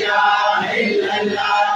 ilaha illallah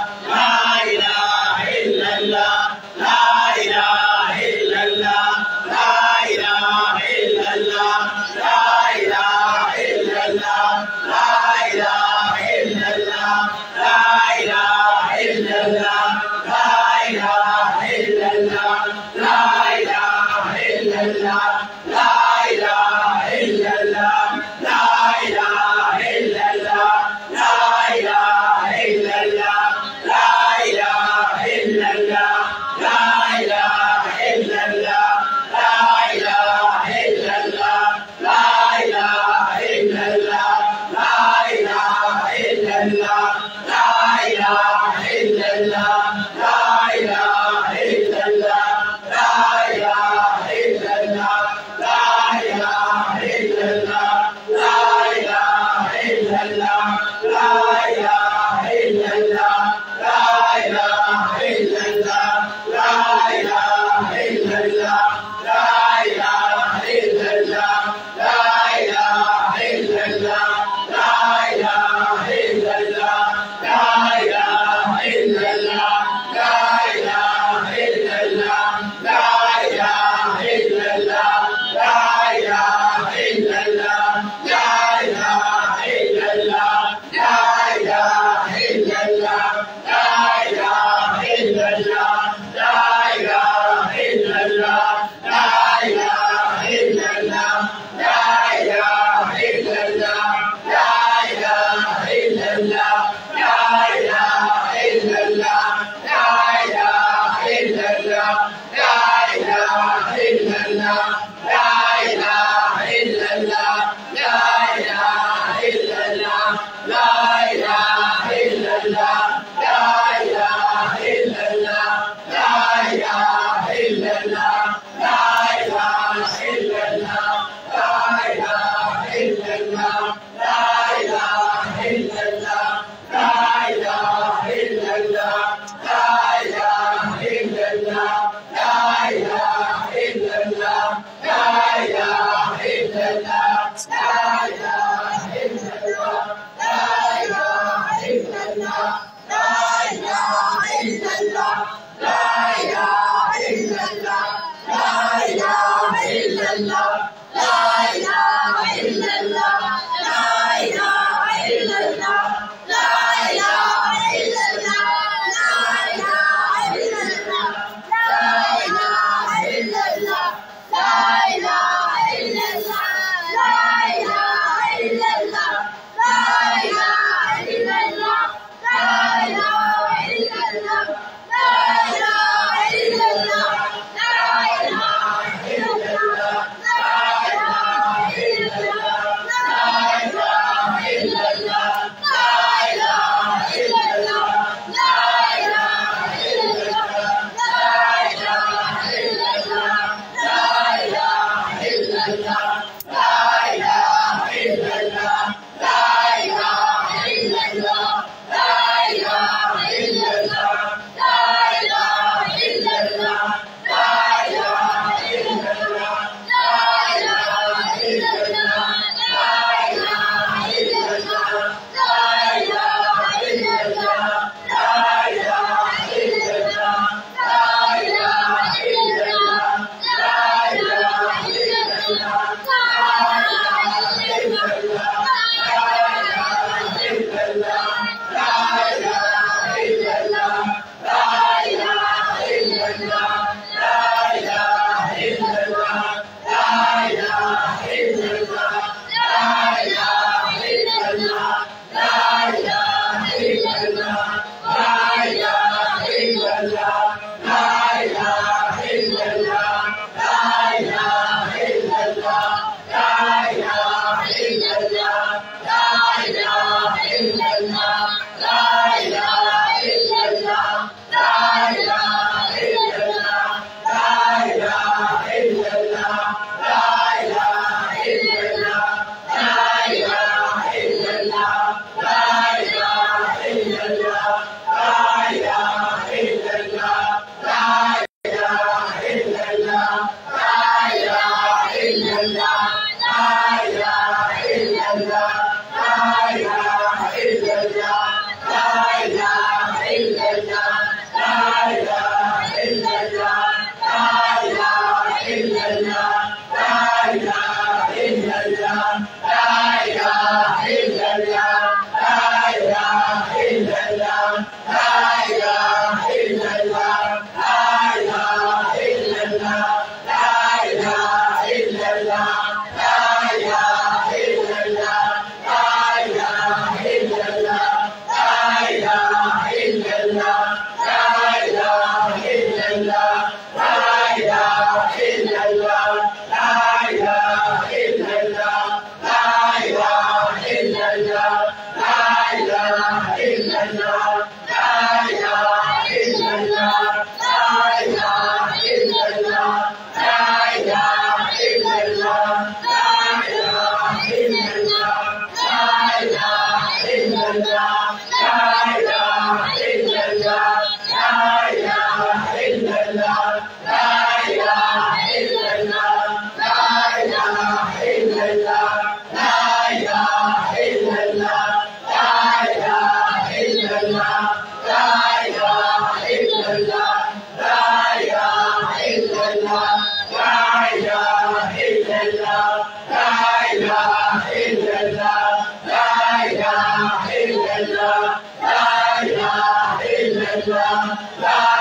Jai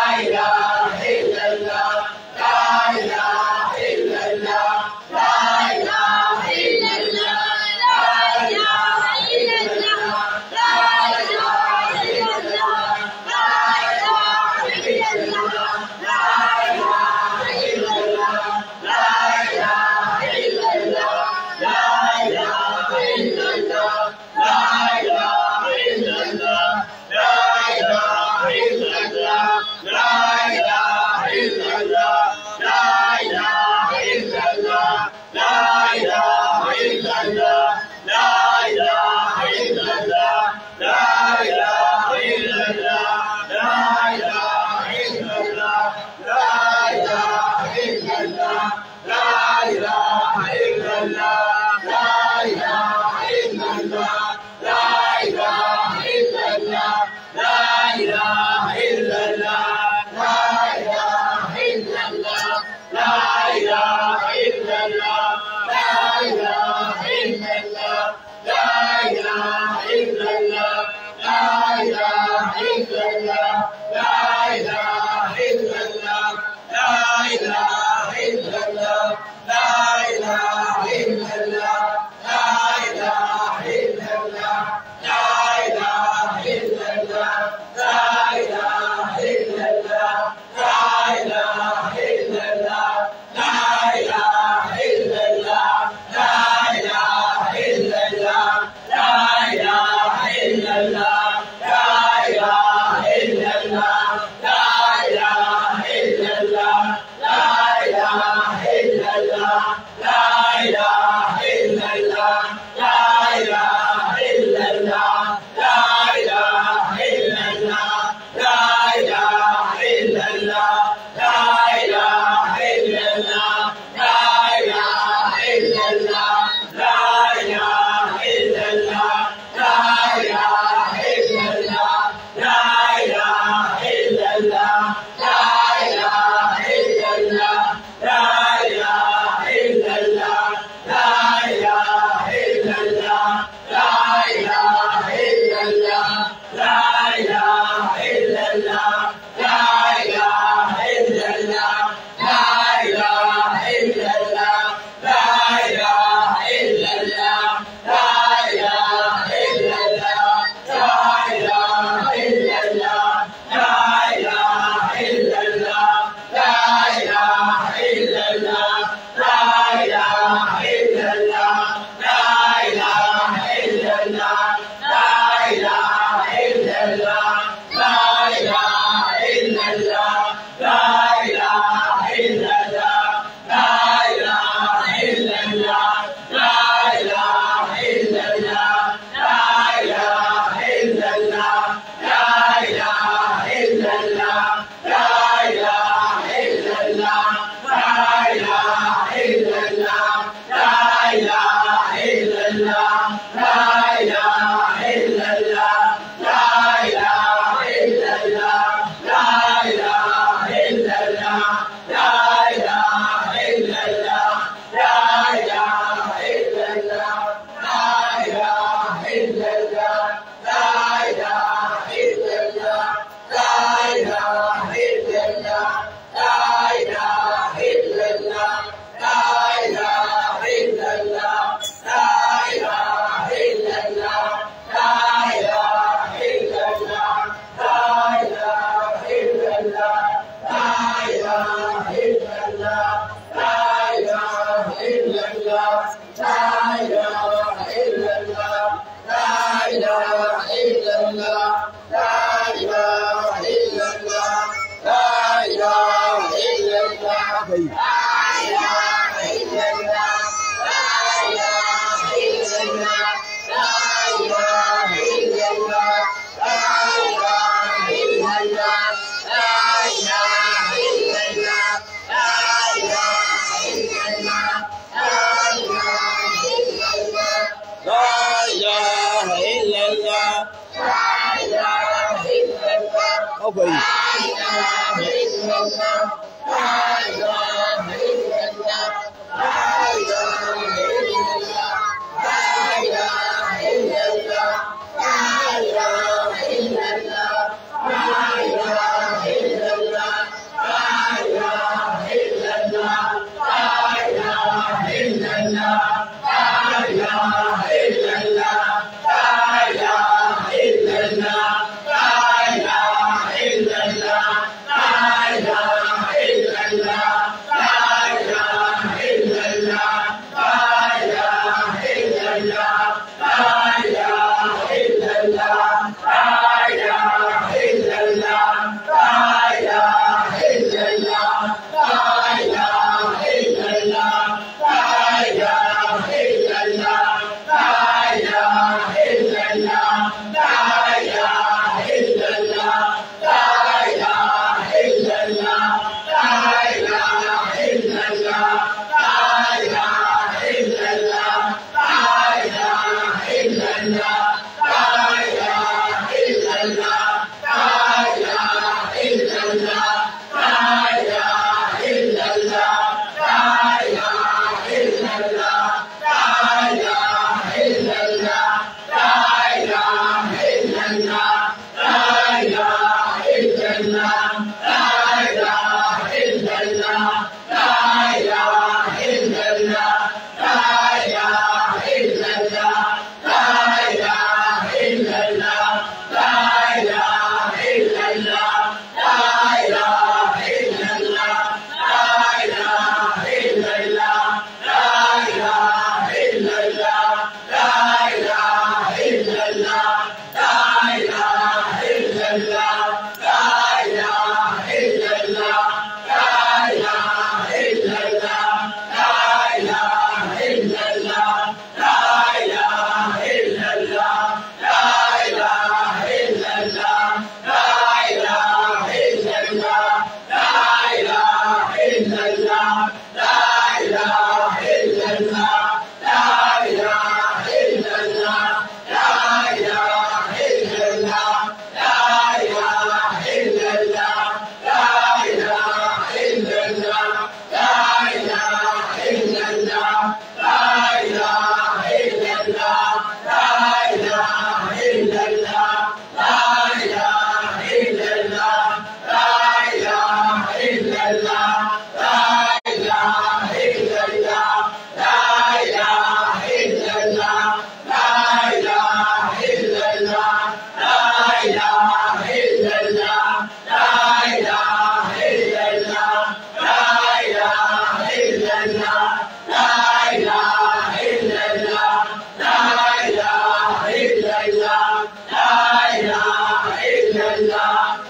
illallah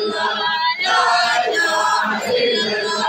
illallah, la ilaha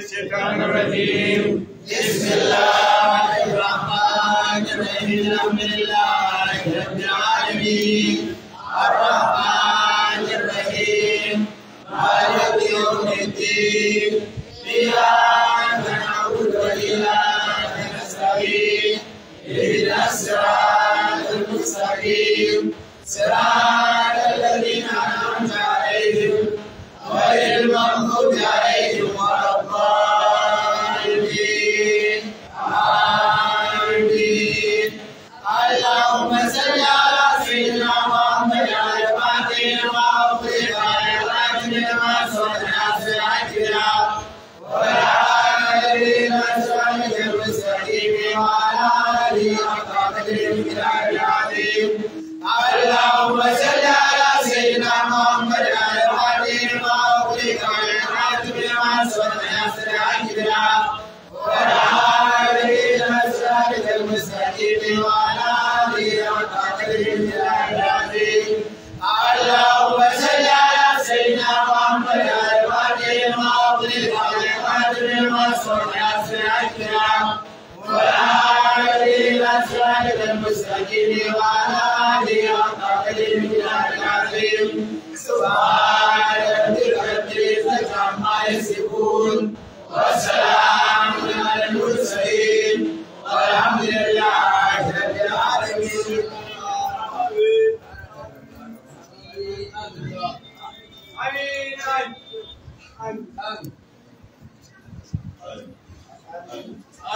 Bismillahirrahmanirrahim. Bismillahirrahmanirrahim. Wassalam.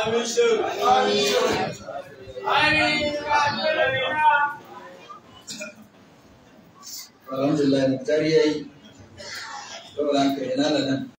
آمين آمين آمين الحمد لله نتاري أي طبعا كهنا